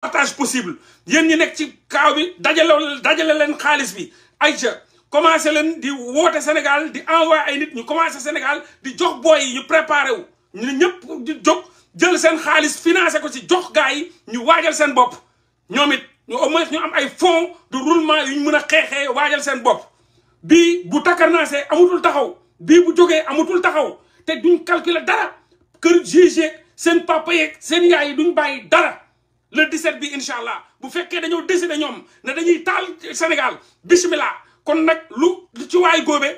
partage possible yéen ñi nekk ci kaaw bi dajale dajale leen xaalis bi ayca commencé leen di woote Sénégal di envoyé ay nit ñu commencé Sénégal di jox boy yi ñu préparé wu ñu ñëpp di jóg jël seen xaalis financé ko ci jox gars yi ñu waajal seen bopp ñoom it ñu au moins ñu am ay fonds de roulement yu ñu mën a xeexee waajal seen bopp bii bu takkarnaasee amatul taxaw bii bu jógee amatul taxaw te duñ calculer dara kër juge seen papa yeeg seen yaay yi duñ bàyyi dara le 17 bi incha allah bu fekkee dañoo décider ñoom ne dañuy taal Sénégal bismillah kon nag lu ci waay góobe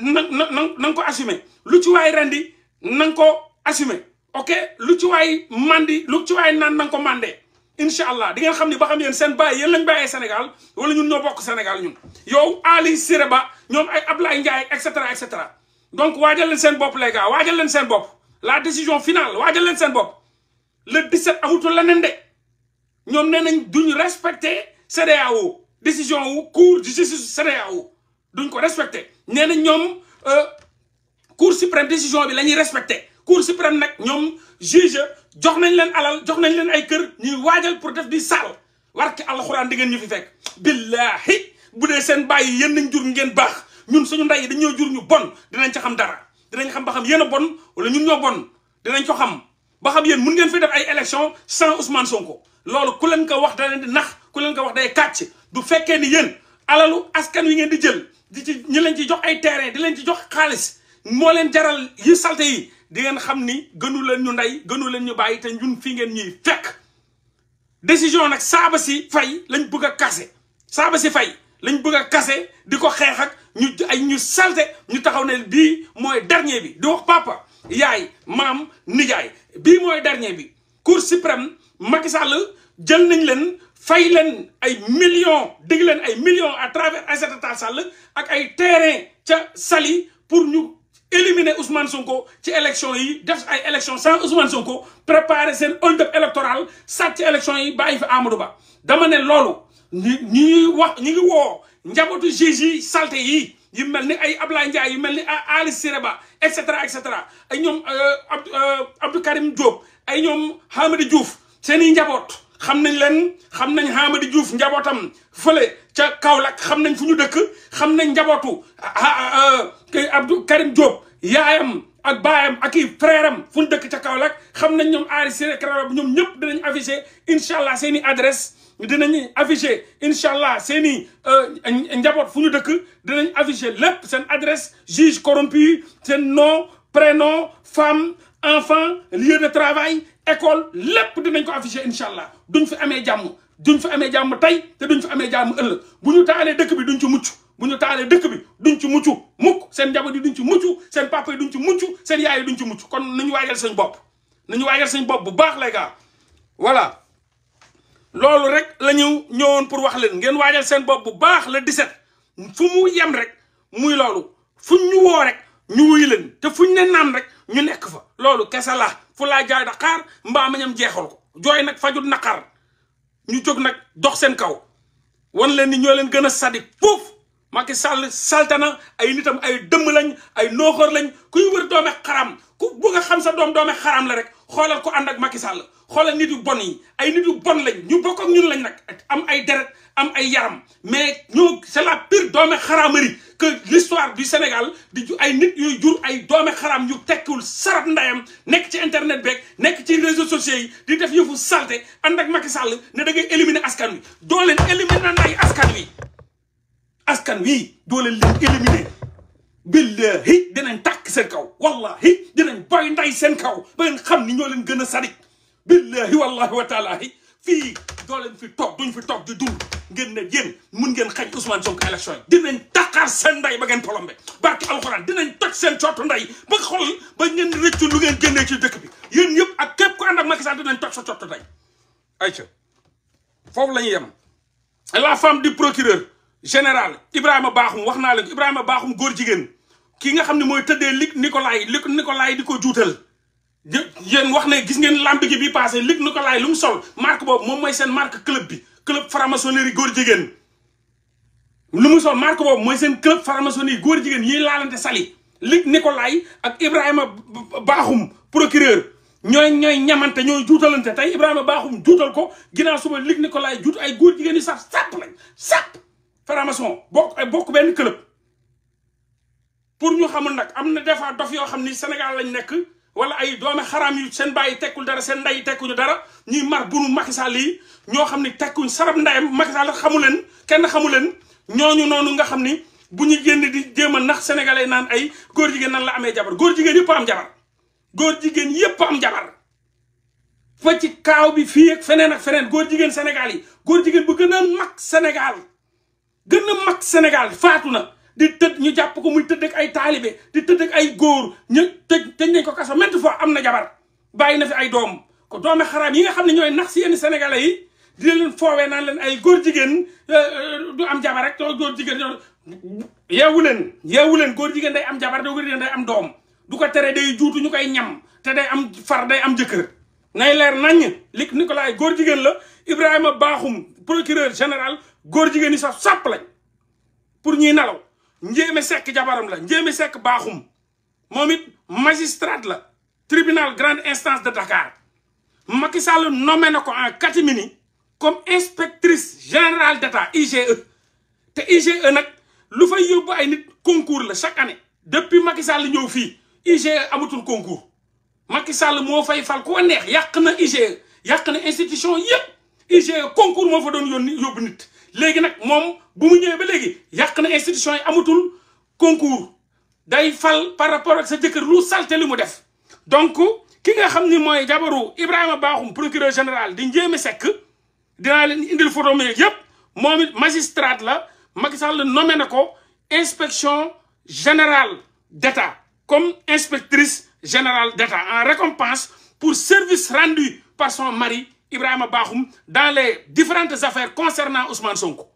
na na na nga ko assumé lu ci waay rendi na nga ko assumer ok lu ci waay mandi lu ci waay naan na ko mande incha allah di nga xam ni ba xam yéen seen bàyyi yéen lañ bàyyee Sénégal wala ñun ñoo bokk Sénégal ñun yow Ali Siré Ba ñoom ay Ablaye Ndiaye et cetera et donc waajal leen seen bopp les gars waajal leen seen bopp la décision finale waajal leen seen bopp le 17 awutul leneen de ñoom nee nañ duñ respecté CEDEAO décision wu cour de justice CEDEAO duñ ko respecté nee na ñoom euh, cour suprême décision bi la ñuy respecté cour suprême nag ñoom juge jox nañ leen alal jox nañ leen ay kër ñuy waajal pour def di saal warke alxuraan di ngeen ñu fi fekk billaahi bu dee seen bàyyi yéen nañ jur ngeen baax ñun suñu ndey yi dañoo jur ñu bon dinañ ci xam dara dinañ xam ba xam yéen a bon wala ñun ñoo bon dinañ ko xam ba xam yéen mun ngeen fi def ay élection sans Ousmane Sonko loolu ku leen ko wax da leen di nax ku leen ko wax day kàcc du fekkee ni yéen alalu askan wi ngeen di jël di ci ñu leen ci jox ay terrain di leen ci jox xaalis moo leen jaral yi salte yi di ngeen xam ni gënu leen ñu ndey gënu leen ñu bàyyi te ñun fi ngeen ñuy fekk décision nag saaba si fay lañ bëgg a kase saaba si fay lañ bëgg a kase di ko xeex ak ñu ay ñu salte ñu taxaw ne bii mooy dernier bi di wax papa yaay maam nijaay bii mooy dernier bi cour suprême Macky Sall jël nañ leen fay leen ay millions dégg leen ay millions à travers Aïssata Tall Sall ak ay terrain ca Saly pour ñu éliminer Ousmane Sonko ci élection yi def ay élection sans Ousmane Sonko préparer seen hold-up électoral sàcc élection yi bàyyi fi Amadou dama ne loolu ñu ñuy wax ñu ngi woo njabootu juge yi salte yi yi mel ni ay Ablaye Ndiaye yu mel ni Ali Sireba et cetera et cetera ay ñoom euh, euh, Abdou Karim Diop ay ñoom Hamadi Diouf seen i njaboot xam nañ leen xam nañ Hamadi Diouf njabootam fële ca Kaolack xam nañ fu ñu dëkk xam nañ njabootu euh, Abdou Karim Diop yaayam ak baayam ak i frère am fu ñu dëkk ca Kaolack xam nañ ñoom Ali Sireba ñoom ñëpp dinañ affiché incha allah seeni i dinañ afficher incha allah seen i euh, njaboot fu ñu dëkk dinañ afficher lépp seen adresse juge corrompu seen nom prénom femme enfant lieu de travail école lépp dinañ ko afficher incha allah duñ fi amee jàmm duñ fi amee jàmm tey te duñ fi amee jàmm ëllëg bu ñu taalee dëkk bi duñ ci mucc bu ñu taalee dëkk bi duñ ci mucc mukk seen njaboot yi duñ ci mucc seen papa duñ ci mucc seen yaay yi duñ ci mucc kon nañu waajal seen bopp nañu waajal seen bopp bu baax les gars voilà. loolu rek la ñu ñëwoon pour wax leen ngeen waajal seen bopp bu baax la 17 fu mu yem rek muy loolu fuñ ñu woo rek ñu wuy leen te fuñ ne naan rek ñu nekk fa loolu kese la fu laa jaay daqaar mbaa mañam jeexal ko jooy nag fajut naqar ñu jóg nag dox seen kaw wan leen ni ñoo leen gën a sadi foofu Macky Sall saltana ay nitam ay dëmm lañ ay nooxoor lañ kuy wër doome xaram ku bëgg a sa doom doome xaram la rek xoolal ko ànd ak Macky Sall xoolal nit yu bon yi ay nit yu bon lañ ñu bokk ak ñun lañ nag am ay deret am ay yaram mais ñoo c'est la pire doome xaraamerie que l'histoire du Sénégal di ay nit yooyu jur ay doome xaraam yu tekkiwul sarab ndayam nekk ci internet beeg nekk ci réseaux sociaux yi di def yëfu salté ànd ak Macky Sall ne da ngay éliminer askan wi doo leen éliminer askan wi askan wi doo leen leen billahi dinañ tàkk seen kaw wallahi dinañ boy nday seen kaw ba ngeen xam ni ñoo leen gën a sadik billahi wallahi wa taalahi fii doo leen fi toog duñ fi toog di dund ngeen ne yéen mun ngeen xañ Ousmane Sonko élection yi dinañ taqaar seen nday ba ngeen polombe barki alxuraan dinañ toj seen cootu nday ba xol ba ngeen rëccu lu ngeen génnee ci dëkk bi yéen yëpp ak képp ku ànd ak Macky Sall dinañ toj sa cootu nday ayca foofu la ñuy yem la femme di procureur général Ibrahima Bakhoum wax naa leen ko Ibrahima Bakhoum góor jigéen kii nga xam ne mooy tëddee Luc Nicolaï Luc Nicolaï di ko juutal yéen wax ne gis ngeen làmp gi bi passé Luc Nicolaï lu mu sol marque boobu moom mooy seen marque club bi club franc-maçonnerie góor jigéen lu mu sol marque boobu mooy seen club franc-maçonnerie góor jigéen yi laalante sali Luc Nicolaï ak Ibrahima baaxum procureur ñooy ñooy ñamante ñooy juutalante tey Ibrahima Bakhoum juutal ko ginnaaw suba Luc Nicolaï juut ay góor jigéen yi sax sàpp lañ sàpp franc-maçon bokk ay bokk benn club pour ñu xamul nag am na des dof yoo xam ni Sénégal lañ nekk wala ay doomi xaraam yu seen bàyyi tekkul dara seen ndey tekkuñu dara ñuy mar bunu Macky Sall yi ñoo xam ni tekkuñ sarab ndeyam Macky Sall xamu leen kenn xamu leen ñooñu noonu nga xam ni bu ñu génn di jéem a nax sénégalais naan ay góor jigéen nan la amee jabar góor jigéen yëpp am jabar góor jigéen yëpp am jabar fa ci kaaw bi fii ak feneen ak góor jigéen Sénégal yi góor jigéen bu gën a mag Sénégal gën mag Sénégal faatu na di tëdd ñu jàpp ko muy tëdd ak ay taalibe di tëdd ak ay góor ñu tëj tëj nañ ko kaso maintes fois am na jabar bàyyi na fi ay doom ko doome xaraam yi nga xam ne ñooy nax si yenn sénégalais yi di leen foowee naan leen ay góor jigéen euh, euh, du am jabar rek doo góor jigéen yeewu leen yeewu leen góor jigéen day am jabar doo góor jigéen day am doom du ko teree day juutu ñu koy ñam te day am far day am jëkkër nay leer naññ li nikolaay góor jigéen la Ibrahima Bakhoum procureur général góor jigéen yi sax sàpp lañ pour ñuy nalaw njéeme sekk jabaram la njéeme sekk baaxum moom it magistrat la tribunal grande instance de Dakar Macky Sall nommé na ko en catimini comme inspectrice générale d'État IGE te IGE nag lu fay yóbbu ay nit concours la chaque année depuis Macky Sall ñëw fii IGE amatul concours Macky Sall moo fay fal neex yàq na IGE yàq na institution yépp IGE concours moo fa doon yónni yóbbu nit léegi nag moom bu mu ñëwee ba léegi yàq na institution yi amatul concours day fal par rapport ak sa jëkkër lu salte li mu def donc ki nga xam ni mooy jabaru Ibrahima baaxum procureur général di Ndiémé Seck dinaa leen indil photo mi yëpp moom it magistrat la Macky Sall nommé na ko inspection général d'État comme inspectrice général d'État en récompense pour service rendu par son mari ibrahim a baaxum dans les différentes affaires concernant Ousmane Sonko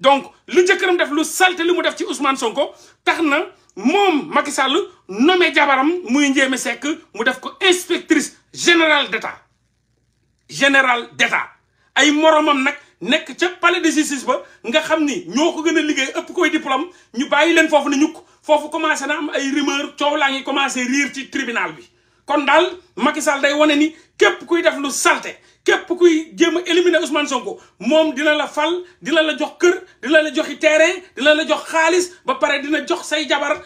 donc lu jëkkëram def lu salte li mu def ci Ousmane Sonko tax na moom Macky Sall nommé jabaram muy Ndiémé Seck mu def ko inspectrice général d'État général d'État ay moromam nag nekk ca palais de justice ba nga xam ni ñoo ko gën a liggéey ëpp koy diplôme ñu bàyyi leen foofu ne ñukk foofu commencé na am ay rumeur coow laa ngi commencé riir ci tribinal bi kon daal Macky Sall day wane ni képp kuy def lu salte képp kuy jéem a éliminer Ousmane Sonko moom dina la fal dina la jox kër dina la joxi terrain dina la jox xaalis ba pare dina jox say jabar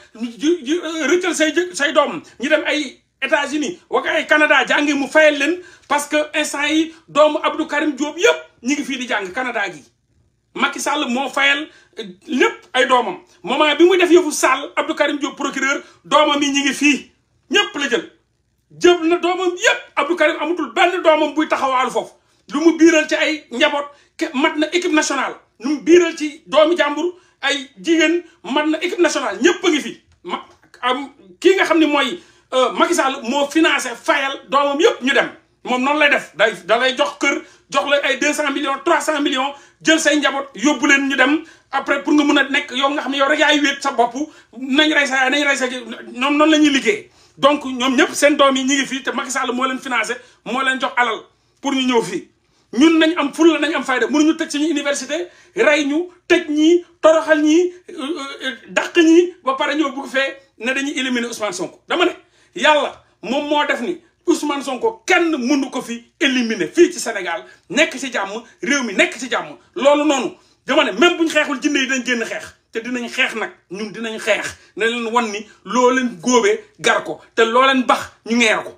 rëccal say say doom ñu dem ay états uni wak ay Canada jàngi mu fayal leen parce que instant yi doomu Abdou Karim Diop yëpp ñi ngi fii di jàng kanada gi Macky sàll moo fayal eh, lépp ay doomam moment bi mu def yëfu Sall Abdou Karim Diop procureur doomam yi ñi ngi fii ñëpp la jël jëm na doomam yépp Abdou Karim amatul benn doomam buy taxawaalu foofu lu mu biiral ci ay njaboot mat na équipe nationale lu mu biiral ci doomi jàmbur ay jigéen mat na équipe nationale ñépp ngi fi ma am kii nga xam ni mooy euh, Macky Sall moo financé fayal doomam yépp ñu dem moom noonu lay def day da lay jox kër jox la ay deux cent millions trois cent millions jël say njaboot yóbbu leen ñu dem après pour nga mën a nekk yow nga xam ne yow rek yaay wéet sa bopp nañ rey sa nañ rey sa ñoom noonu la ñuy liggéey donc ñoom ñëpp seen doom yi ñu ngi fii te Macky Sall moo leen financé moo leen jox alal pour ñu ñëw fii ñun nañ am ful la nañ am fayda mënuñu tëj suñu université rey ñu tëj ñii toroxal ñii euh, euh, daq ñi ba pare ñoo bëgg fee ne dañuy éliminer Ousmane Sonko. dama ne yàlla moom moo def ni Ousmane Sonko kenn mënu ko fi éliminer fii ci Sénégal nekk ci jàmm réew mi nekk ci jàmm loolu noonu dama ne bu ñu xeexul jinne yi dañ génn xeex. te dinañ xeex nag ñun dinañ xeex na leen wan ni loo leen góobee gar ko te loo leen bax ñu ngeer ko